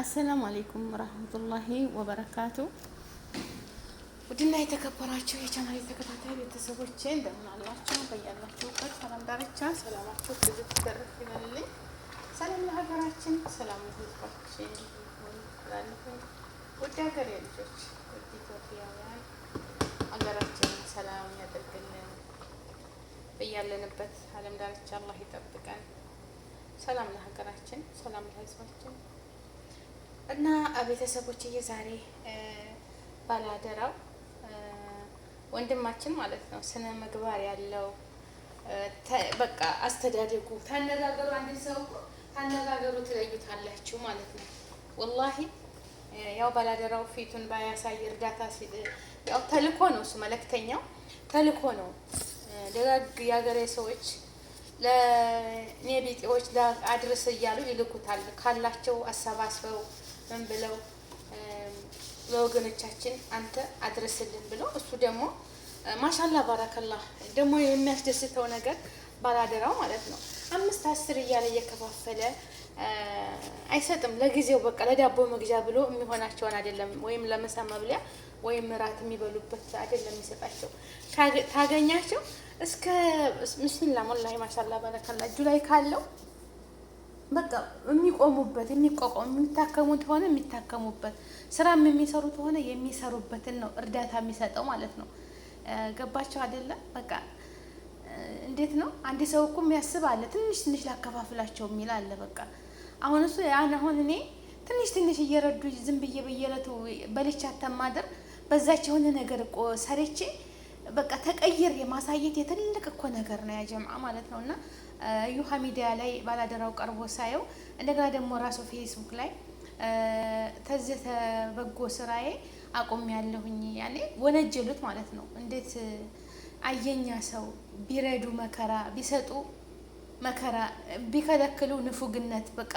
አሰላሙ አሌይኩም ረህመቱላሂ ወበረካቱ። ውድና የተከበራችሁ የቻናል ተከታታይ ቤተሰቦቼ እንደምን አላችሁ? በያላችሁበት ሰላም ዳርቻ ሰላማችሁ ብዙ ትደረፍ ይበልልኝ። ሰላም ለሀገራችን፣ ሰላም ለሕዝባችን ላለሁ ውድ ሀገሬ ልጆች፣ ውድ ኢትዮጵያውያን ሀገራችን ሰላም ያደርግልን። በያለንበት አለም ዳርቻ አላህ ይጠብቀን። ሰላም ለሀገራችን፣ ሰላም ለህዝባችን። እና ቤተሰቦችዬ ዛሬ ባላደራው ወንድማችን ማለት ነው ስነ ምግባር ያለው በቃ አስተዳደጉ ታነጋገሩ፣ አንድ ሰው ታነጋገሩ ትለዩታላችሁ ማለት ነው። ወላሂ ያው ባላደራው ፊቱን ባያሳይ እርዳታ ያው ተልኮ ነው እሱ መልእክተኛው ተልኮ ነው። ደጋግ የሀገሬ ሰዎች ለኔ ቢጤዎች አድርስ እያሉ ይልኩታል ካላቸው አሰባስበው ምን ብለው ለወገኖቻችን አንተ አድረስልን ብለው እሱ ደግሞ ማሻላ ባረከላ ደግሞ የሚያስደስተው ነገር ባላደራው ማለት ነው አምስት አስር እያለ እየከፋፈለ አይሰጥም። ለጊዜው በቃ ለዳቦ መግዣ ብሎ የሚሆናቸውን አይደለም፣ ወይም ለምሳ መብለያ ወይም ራት የሚበሉበት አይደለም የሚሰጣቸው። ታገኛቸው እስከ ምስላ ሞላ ማሻላ ባረከላ እጁ ላይ ካለው በቃ የሚቆሙበት የሚቋቋሙ የሚታከሙ ሆነ የሚታከሙበት ስራም የሚሰሩ ሆነ የሚሰሩበትን ነው እርዳታ የሚሰጠው ማለት ነው። ገባቸው አይደለም? በቃ እንዴት ነው አንድ ሰው እኮ የሚያስብ አለ። ትንሽ ትንሽ ላከፋፍላቸው የሚል አለ። በቃ አሁን እሱ ያን አሁን እኔ ትንሽ ትንሽ እየረዱ ዝም ብዬ በየዕለቱ በልቻ ተማድር በዛች የሆነ ነገር እኮ ሰርቼ በቃ ተቀይር የማሳየት የትልቅ እኮ ነገር ነው ያጀምዓ ማለት ነው። እና ዩሃ ሚዲያ ላይ ባላደራው ቀርቦ ሳየው እንደገና ደግሞ ራሱ ፌስቡክ ላይ ተዚህ ተበጎ ስራዬ አቁም ያለሁኝ ያኔ ወነጀሉት ማለት ነው። እንዴት አየኛ ሰው ቢረዱ መከራ ቢሰጡ መከራ ቢከለክሉ ንፉግነት በቃ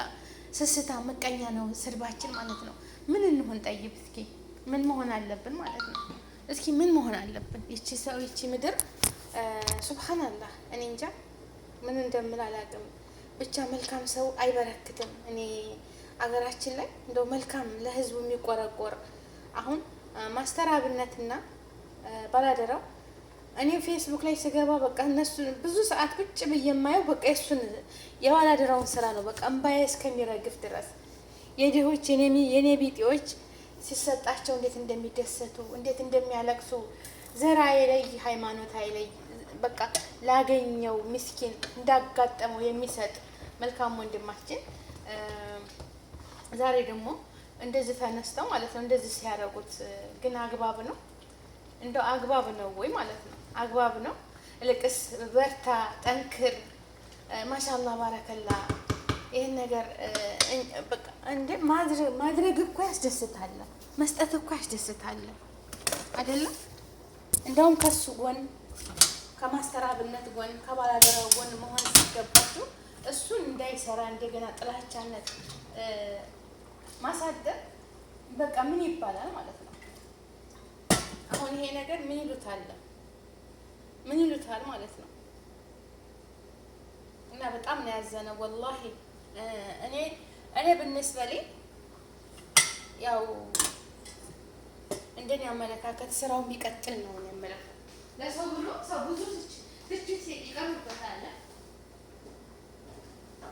ስስታ ምቀኛ ነው ስድባችን ማለት ነው። ምን እንሆን ጠይብ እስኪ ምን መሆን አለብን ማለት ነው። እስኪ ምን መሆን አለብን? ይቺ ሰው ይቺ ምድር ሱብሃናላህ፣ እኔ እንጃ ምን እንደምል አላውቅም። ብቻ መልካም ሰው አይበረክትም። እኔ አገራችን ላይ እንደው መልካም ለህዝቡ የሚቆረቆር አሁን ማስተር አብነትና ባላደራው እኔ ፌስቡክ ላይ ስገባ በቃ እነሱ ብዙ ሰዓት ቁጭ ብዬ የማየው በቃ የእሱን የባላደራውን ስራ ነው። በቃ እምባዬ እስከሚረግፍ ድረስ የድሆች የኔ ቢጤዎች ሲሰጣቸው እንዴት እንደሚደሰቱ እንዴት እንደሚያለቅሱ ዘር አይለይ፣ ሃይማኖት አይለይ። በቃ ላገኘው ምስኪን እንዳጋጠመው የሚሰጥ መልካም ወንድማችን ዛሬ ደግሞ እንደዚህ ተነስተው ማለት ነው እንደዚህ ሲያደርጉት ግን አግባብ ነው እንደው አግባብ ነው ወይ ማለት ነው አግባብ ነው ልቅስ በርታ ጠንክር ማሻላ ባረከላ ይህን ነገር ማድረግ እኮ ያስደስታል፣ መስጠት እኮ ያስደስታል አይደለም። እንደውም ከሱ ጎን ከማስተራብነት ጎን ከባላደራው ጎን መሆን ሲገባችሁ እሱን እንዳይሰራ እንደገና ጥላቻነት ማሳደር በቃ ምን ይባላል ማለት ነው። አሁን ይሄ ነገር ምን ይሉታል ምን ይሉታል ማለት ነው። እና በጣም ነው ያዘነው ወላሂ እኔ እኔ ብንስበ ያው እንደኔ አመለካከት ስራው የሚቀጥል ነው የሚያመለካከት ለሰው ብሎ ሰው ብዙ ትችት ይቀርብበታል፣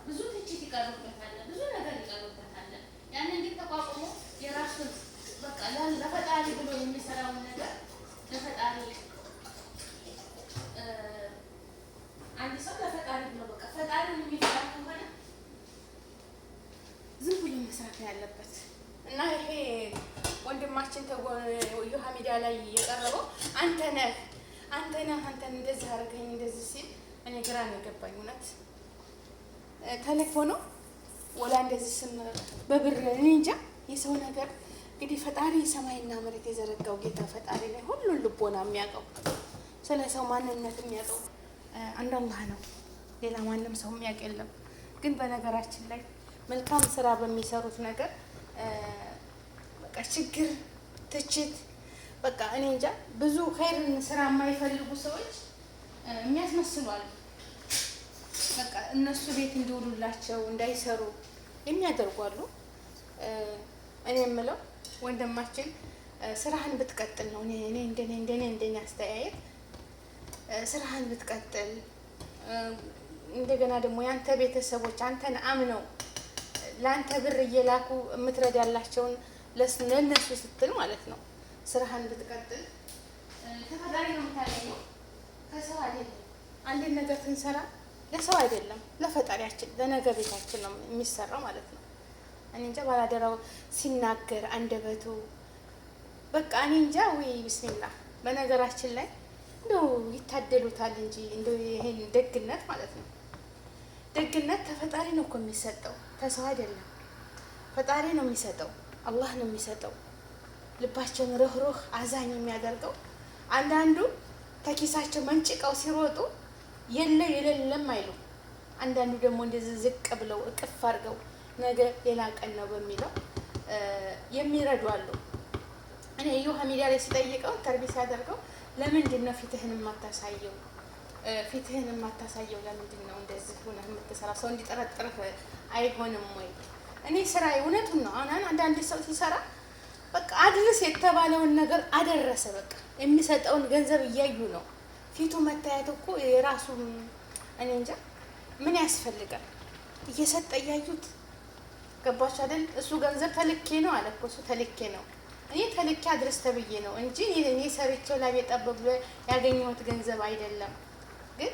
ብዙ ትችት ይቀርብበታል፣ ብዙ ነገር ይቀርብበታል። ያንን ግን ተቋቁሞ የራሱን በቃ ለፈጣሪ ብሎ የሚሰራውን ነገር ለፈጣሪ አንድ ሰው ለፈጣሪ ብሎ በቃ ፈጣሪውን የሚፈራ ከሆነ ዝም ብሎ መስራት ያለበት እና ይሄ ወንድማችን ዮሃ ሚዲያ ላይ የቀረበው አንተ ነህ አንተ ነህ አንተ እንደዚህ አደረገኝ እንደዚህ ሲል እኔ ግራ ነው የገባኝ። እውነት ተልእኮ ነው ወላ እንደዚህ ስም በብር እኔ እንጃ። የሰው ነገር እንግዲህ ፈጣሪ ሰማይና መሬት የዘረጋው ጌታ ፈጣሪ ላይ ሁሉን ልቦና የሚያውቀው ስለ ሰው ማንነት የሚያውቀው አንድ አላህ ነው። ሌላ ማንም ሰው የሚያውቅ የለም። ግን በነገራችን ላይ መልካም ስራ በሚሰሩት ነገር በቃ ችግር፣ ትችት በቃ እኔ እንጃ ብዙ ኸይርን ስራ የማይፈልጉ ሰዎች የሚያስመስሏሉ። በቃ እነሱ ቤት እንዲውሉላቸው እንዳይሰሩ የሚያደርጓሉ። እኔ የምለው ወንድማችን ስራህን ብትቀጥል ነው። እኔ እንደኔ እንደኔ እንደኔ አስተያየት ስራህን ብትቀጥል እንደገና ደግሞ የአንተ ቤተሰቦች አንተን አምነው ለአንተ ብር እየላኩ ያላቸውን ለእነሱ ስትል ማለት ነው። ስራህን እንድትቀጥል ተፈጣሪ ነው የምታገኘው፣ ከሰው አይደለም። አንድን ነገር ስንሰራ ለሰው አይደለም ለፈጣሪያችን፣ ለነገ ቤታችን ነው የሚሰራው ማለት ነው። እኔ እንጃ ባላደራው ሲናገር አንደበቱ በቃ እኔ እንጃ ወይ ብስሚላ። በነገራችን ላይ እንደው ይታደሉታል እንጂ እንደው ይሄን ደግነት ማለት ነው ደግነት ተፈጣሪ ነው እኮ የሚሰጠው ተሰው አይደለም፣ ፈጣሪ ነው የሚሰጠው፣ አላህ ነው የሚሰጠው። ልባቸውን ርህሩህ አዛኝ የሚያደርገው አንዳንዱ ከኪሳቸው መንጭቀው ሲሮጡ የለ የሌለም አይሉ፣ አንዳንዱ ደግሞ እንደዚህ ዝቅ ብለው እቅፍ አድርገው ነገ ሌላ ቀን ነው በሚለው የሚረዱ አሉ። እኔ ዩሃ ሚዲያ ላይ ሲጠይቀው ተርቢ ሲያደርገው ለምንድን ነው ፊትህን የማታሳየው ፊትህን የማታሳየው ለምንድን ነው? እንደዚህ ሆነህ የምትሰራ ሰው እንዲጠረጥርህ አይሆንም ወይ? እኔ ስራ እውነቱን ነው። አሁን አንዳንድ ሰው ሲሰራ በቃ አድርስ የተባለውን ነገር አደረሰ። በቃ የሚሰጠውን ገንዘብ እያዩ ነው። ፊቱ መታየት እኮ የራሱ እኔ እንጃ ምን ያስፈልጋል? እየሰጠ እያዩት ገባች አይደል? እሱ ገንዘብ ተልኬ ነው አለ እኮ እሱ ተልኬ ነው። እኔ ተልኬ አድረስ ተብዬ ነው እንጂ እኔ ሰርቼው ላይ የጠበብ ያገኘሁት ገንዘብ አይደለም። ግን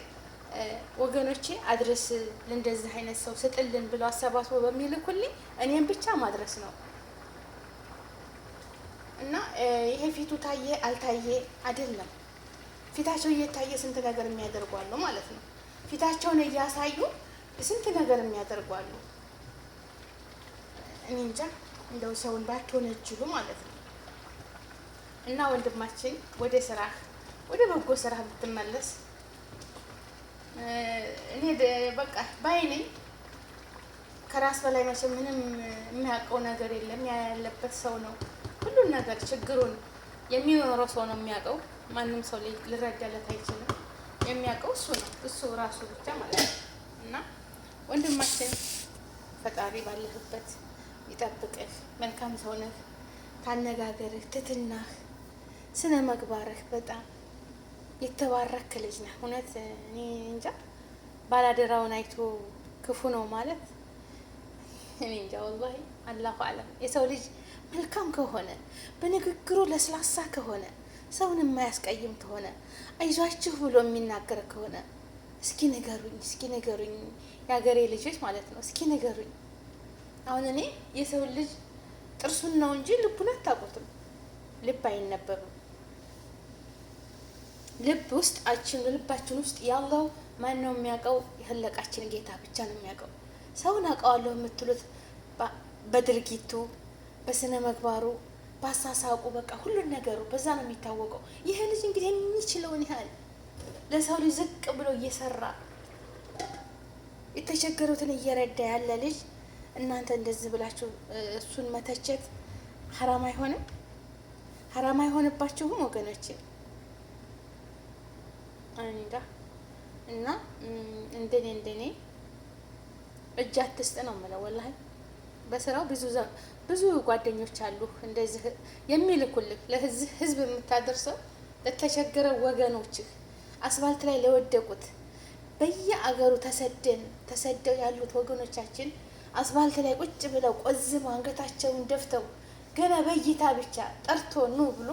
ወገኖቼ አድረስ ለእንደዚህ አይነት ሰው ስጥልን ብሎ አሰባስቦ በሚልኩልኝ እኔም ብቻ ማድረስ ነው እና ይሄ ፊቱ ታየ አልታየ አይደለም። ፊታቸው እየታየ ስንት ነገር የሚያደርጓሉ ማለት ነው። ፊታቸውን እያሳዩ ስንት ነገር የሚያደርጓሉ። እኔ እንጃ እንደው ሰውን ባትሆነ ማለት ነው። እና ወንድማችን ወደ ስራህ ወደ በጎ ስራህ ብትመለስ እኔ በቃ ባይ ነኝ። ከራስ በላይ መቼ ምንም የሚያውቀው ነገር የለም። ያለበት ሰው ነው ሁሉን ነገር ችግሩን የሚኖረው ሰው ነው የሚያውቀው። ማንም ሰው ሊረዳለት አይችልም። የሚያውቀው እሱ ነው እሱ ራሱ ብቻ ማለት ነው። እና ወንድማችን ፈጣሪ ባለህበት ይጠብቅህ። መልካም ሰውነህ፣ ታነጋገርህ፣ ትትናህ፣ ስነ መግባርህ በጣም የተባረክ ልጅ ነህ። እውነት እኔ እንጃ ባላደራውን አይቶ ክፉ ነው ማለት እኔ እንጃ ወላሂ፣ አላሁ አለም። የሰው ልጅ መልካም ከሆነ በንግግሩ ለስላሳ ከሆነ ሰውን የማያስቀይም ከሆነ አይዟችሁ ብሎ የሚናገር ከሆነ እስኪ ንገሩኝ፣ እስኪ ንገሩኝ የሀገሬ ልጆች ማለት ነው። እስኪ ንገሩኝ። አሁን እኔ የሰው ልጅ ጥርሱን ነው እንጂ ልቡን አታውቁትም። ልብ አይነበብም። ልብ ውስጥ አችን ልባችን ውስጥ ያለው ማን ነው የሚያውቀው? የህለቃችን ጌታ ብቻ ነው የሚያውቀው። ሰውን አውቀዋለሁ የምትሉት በድርጊቱ በስነ መግባሩ በአሳሳቁ በቃ ሁሉን ነገሩ በዛ ነው የሚታወቀው። ይህ ልጅ እንግዲህ የሚችለውን ያህል ለሰው ልጅ ዝቅ ብሎ እየሰራ የተቸገሩትን እየረዳ ያለ ልጅ እናንተ እንደዚህ ብላችሁ እሱን መተቸት ሀራም አይሆንም፣ ሀራም አይሆንባችሁም ወገኖችን እንጃ እና እንደኔ እንደኔ እጅ አትስጥ ነው የምለው። ወላሂ በስራው ብዙ ብዙ ጓደኞች አሉ እንደዚህ የሚልኩልህ ለዚህ ህዝብ የምታደርሰው ለተቸገረ ወገኖችህ አስፋልት ላይ ለወደቁት በየአገሩ ተሰደን ተሰደው ያሉት ወገኖቻችን አስፋልት ላይ ቁጭ ብለው ቆዝመው አንገታቸውን ደፍተው ገና በእይታ ብቻ ጠርቶ ኑ ብሎ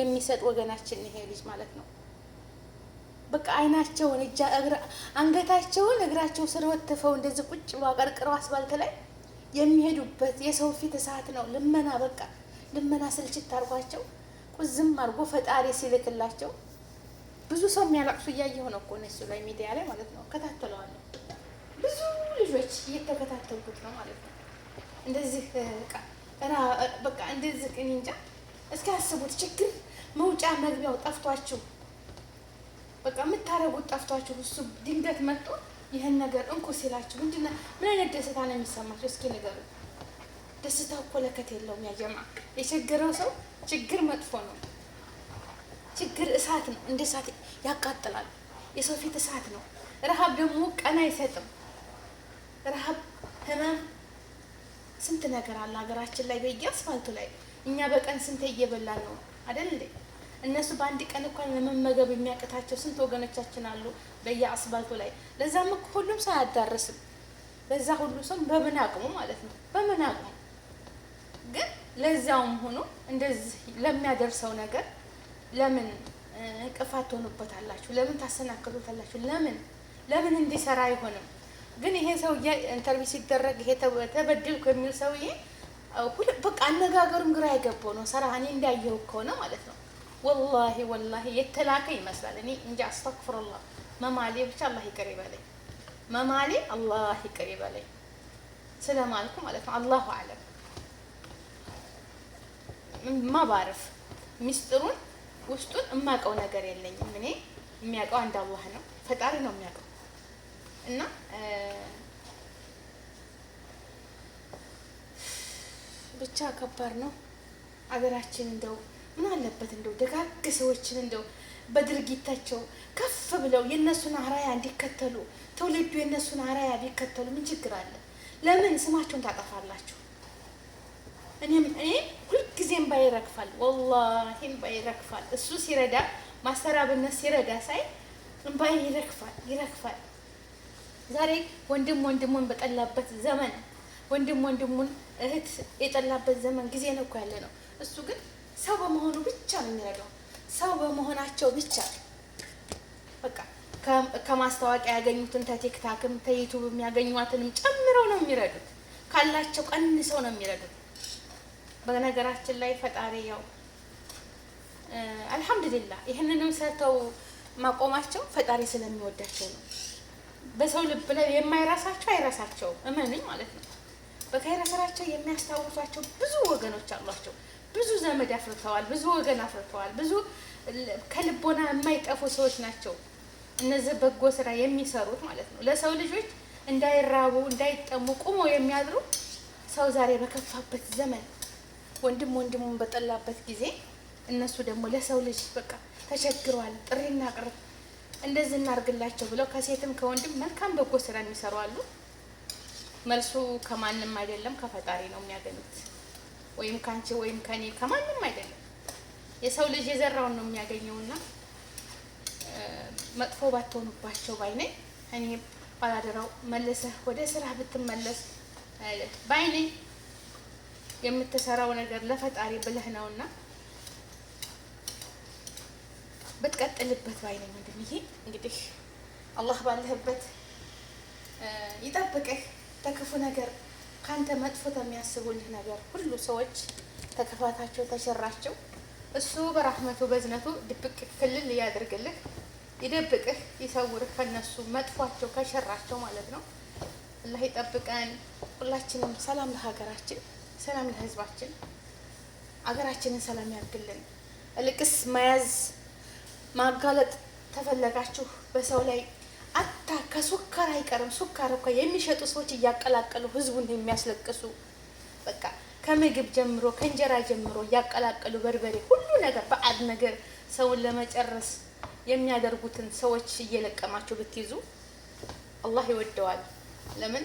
የሚሰጥ ወገናችን ይሄ ልጅ ማለት ነው። በቃ አይናቸውን እጃ አንገታቸውን እግራቸው ስር ወተፈው እንደዚህ ቁጭ ብሎ ቀርቅረው አስፋልት ላይ የሚሄዱበት የሰው ፊት እሳት ነው። ልመና በቃ ልመና ስልችት አድርጓቸው ቁዝም አርጎ ፈጣሪ ሲልክላቸው ብዙ ሰው የሚያለቅሱ እያየሁ ነው እኮ እነሱ ላይ ሚዲያ ላይ ማለት ነው እከታተለዋለሁ። ብዙ ልጆች እየተከታተልኩት ነው ማለት ነው። እንደዚህ በቃ እንደዚህ እኔ እንጃ እስኪ አስቡት ችግር መውጫ መግቢያው ጠፍቷችሁ በቃ የምታረጉት ጠፍቷችሁ እሱ ድንገት መጥቶ ይህን ነገር እንኩ ሲላችሁ ምንድን ምን አይነት ደስታ ነው የሚሰማችሁ? እስኪ ንገሩ። ደስታ እኮ ለከት የለውም። ያጀማ የቸገረው ሰው ችግር መጥፎ ነው። ችግር እሳት ነው፣ እንደ እሳት ያቃጥላል። የሰው ፊት እሳት ነው። ረሀብ ደግሞ ቀን አይሰጥም። ረሀብ፣ ህመም፣ ስንት ነገር አለ ሀገራችን ላይ በየአስፋልቱ ላይ እኛ በቀን ስንት እየበላን ነው እንዴ? እነሱ በአንድ ቀን እንኳን ለመመገብ የሚያቅታቸው ስንት ወገኖቻችን አሉ በየአስፋልቱ ላይ። ለዛም እኮ ሁሉም ሰው አያዳርስም። በዛ ሁሉ ሰው በምን አቅሙ ማለት ነው በምን አቅሙ ግን ለዛውም ሆኖ እንደዚህ ለሚያደርሰው ነገር ለምን እንቅፋት ትሆኑበታላችሁ? ለምን ታሰናክሉታላችሁ? ለምን ለምን እንዲሰራ አይሆንም? ግን ይሄ ሰውዬ ኢንተርቪው ሲደረግ ይሄ ተበደልኩ የሚል ሰውዬ በቃ አነጋገሩም ግራ የገባው ነው። ሰራ እኔ እንዳየው ከሆነ ማለት ነው ወላሂ ወላሂ የተላከ ይመስላል። እኔ እንጂ አስተግፍሩላህ መማሌ ብቻ አላህ ይቅር ይበለኝ፣ መማሌ አላህ ይቅር ይበለኝ ስለማልኩ ማለት ነው። አላሁ አለም እማባርፍ ሚስጥሩን ውስጡን እማውቀው ነገር የለኝም። እኔ የሚያውቀው አንድ አላህ ነው፣ ፈጣሪ ነው የሚያውቀው እና ብቻ ከባድ ነው አገራችን እንደው ምን አለበት እንደው ደጋግ ሰዎችን እንደው በድርጊታቸው ከፍ ብለው የእነሱን አራያ እንዲከተሉ ትውልዱ የእነሱን አራያ ቢከተሉ ምን ችግር አለ? ለምን ስማቸውን ታጠፋላችሁ? እኔም እኔ ሁልጊዜም ባይረግፋል ወላሂም ባይረግፋል። እሱ ሲረዳ ማሰራብነት ሲረዳ ሳይ እንባይ ይረግፋል ይረግፋል። ዛሬ ወንድም ወንድሙን በጠላበት ዘመን ወንድም ወንድሙን እህት የጠላበት ዘመን ጊዜ ነው እኮ ያለ ነው። እሱ ግን ሰው በመሆኑ ብቻ ነው የሚረዳው። ሰው በመሆናቸው ብቻ በቃ ከማስታወቂያ ያገኙትን ተቲክታክም ተዩቱብ የሚያገኟትንም ጨምረው ነው የሚረዱት። ካላቸው ቀንሰው ነው የሚረዱት። በነገራችን ላይ ፈጣሪ ያው አልሐምዱሊላህ ይህንንም ሰርተው ማቆማቸው ፈጣሪ ስለሚወዳቸው ነው። በሰው ልብ ላይ የማይራሳቸው አይራሳቸውም። እመንኝ ማለት ነው። በከይረ ስራቸው የሚያስታውሷቸው ብዙ ወገኖች አሏቸው። ብዙ ዘመድ አፍርተዋል። ብዙ ወገን አፍርተዋል። ብዙ ከልቦና የማይጠፉ ሰዎች ናቸው። እነዚህ በጎ ስራ የሚሰሩት ማለት ነው። ለሰው ልጆች እንዳይራቡ እንዳይጠሙ ቁመው የሚያድሩ ሰው ዛሬ በከፋበት ዘመን ወንድም ወንድሙን በጠላበት ጊዜ እነሱ ደግሞ ለሰው ልጅ በቃ ተቸግሯል፣ ጥሪና ቅርብ እንደዚህ እናርግላቸው ብለው ከሴትም ከወንድም መልካም በጎ ስራ የሚሰሩ አሉ። መልሱ ከማንም አይደለም ከፈጣሪ ነው የሚያገኙት፣ ወይም ከአንቺ ወይም ከኔ ከማንም አይደለም። የሰው ልጅ የዘራውን ነው የሚያገኘውና መጥፎ ባትሆኑባቸው ባይነኝ እኔ ባላደራው መለሰህ ወደ ስራ ብትመለስ ባይነኝ የምትሰራው ነገር ለፈጣሪ ብለህ ነውና ብትቀጥልበት ባይነኝ። ወንድም ይሄ እንግዲህ አላህ ባለህበት ይጠብቅህ። ለክፉ ነገር ከአንተ መጥፎ ከሚያስቡልህ ነገር ሁሉ ሰዎች ተከፋታቸው፣ ተሸራቸው። እሱ በራህመቱ በዝነቱ ድብቅ ክልል ያደርግልህ፣ ይደብቅህ፣ ይሰውርህ ከነሱ መጥፏቸው ከሸራቸው ማለት ነው። አላህ ይጠብቀን ሁላችንም። ሰላም ለሀገራችን፣ ሰላም ለህዝባችን፣ ሀገራችንን ሰላም ያድርግልን። እልቅስ መያዝ ማጋለጥ ተፈለጋችሁ በሰው ላይ አታ ከሱካር አይቀርም። ሱካር እኮ የሚሸጡ ሰዎች እያቀላቀሉ ህዝቡን የሚያስለቅሱ በቃ ከምግብ ጀምሮ ከእንጀራ ጀምሮ እያቀላቀሉ በርበሬ፣ ሁሉ ነገር በአድ ነገር ሰውን ለመጨረስ የሚያደርጉትን ሰዎች እየለቀማቸው ብትይዙ አላህ ይወደዋል። ለምን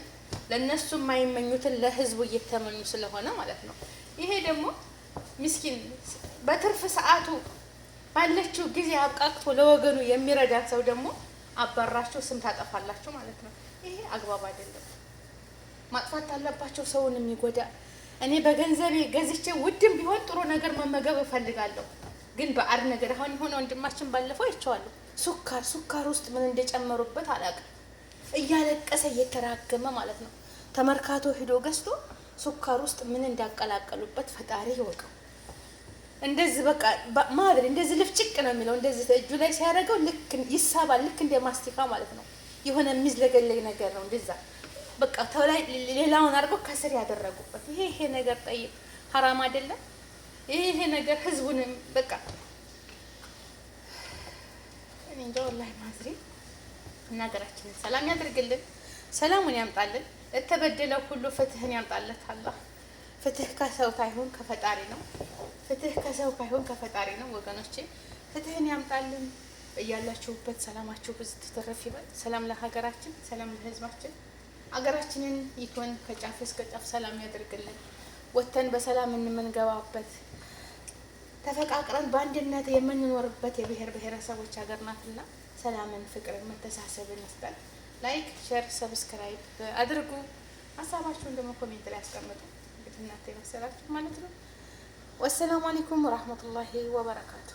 ለእነሱ የማይመኙትን ለህዝቡ እየተመኙ ስለሆነ ማለት ነው። ይሄ ደግሞ ምስኪን በትርፍ ሰዓቱ ባለችው ጊዜ አብቃቅቶ ለወገኑ የሚረዳት ሰው ደግሞ አባራችሁ ስም ታጠፋላችሁ ማለት ነው። ይሄ አግባብ አይደለም። ማጥፋት አለባቸው፣ ሰውን የሚጎዳ እኔ በገንዘቤ ገዝቼ ውድም ቢሆን ጥሩ ነገር መመገብ እፈልጋለሁ። ግን በአር ነገር አሁን የሆነ ወንድማችን ባለፈው አይቼዋለሁ። ሱካር ሱካር ውስጥ ምን እንደጨመሩበት አላውቅም። እያለቀሰ እየተራገመ ማለት ነው። ተመርካቶ ሂዶ ገዝቶ ሱካር ውስጥ ምን እንዳቀላቀሉበት ፈጣሪ ይወቀው። እንደዚህ በቃ ማድረግ እንደዚህ ልፍጭቅ ነው የሚለው። እንደዚህ እጁ ላይ ሲያደርገው ልክ ይሳባል፣ ልክ እንደ ማስቲካ ማለት ነው። የሆነ የሚዝለገለግ ነገር ነው። እንደዛ በቃ ተላይ ሌላውን አድርገው ከስር ያደረጉበት ይሄ ይሄ ነገር ጠይቅ ሀራም አይደለም። ይሄ ይሄ ነገር ህዝቡንም በቃ እኔ እንጃ ወላሂ ማዝሪ እናገራችንን ሰላም ያደርግልን፣ ሰላሙን ያምጣልን፣ ለተበደለው ሁሉ ፍትህን ያምጣለት አላህ ፍትህ ከሰው ታይሆን ከፈጣሪ ነው። ፍትህ ከሰው ካይሆን ከፈጣሪ ነው። ወገኖቼ ፍትህን ያምጣልን። እያላችሁበት ሰላማችሁ ብዙ ትትረፍ ይበል። ሰላም ለሀገራችን፣ ሰላም ለህዝባችን። ሀገራችንን ይኮን ከጫፍ እስከ ጫፍ ሰላም ያደርግልን። ወጥተን በሰላም የምንገባበት ተፈቃቅረን በአንድነት የምንኖርበት የብሔር ብሔረሰቦች ሀገር ናትና ሰላምን፣ ፍቅርን፣ መተሳሰብን ይስጠን። ላይክ፣ ሼር፣ ሰብስክራይብ አድርጉ። ሀሳባችሁን ደግሞ ኮሜንት ላይ አስቀምጡ። እናቴ መሰላችሁ ማለት ነው። ወሰላሙ አሌይኩም ወረህመቱላሂ ወበረካቱ።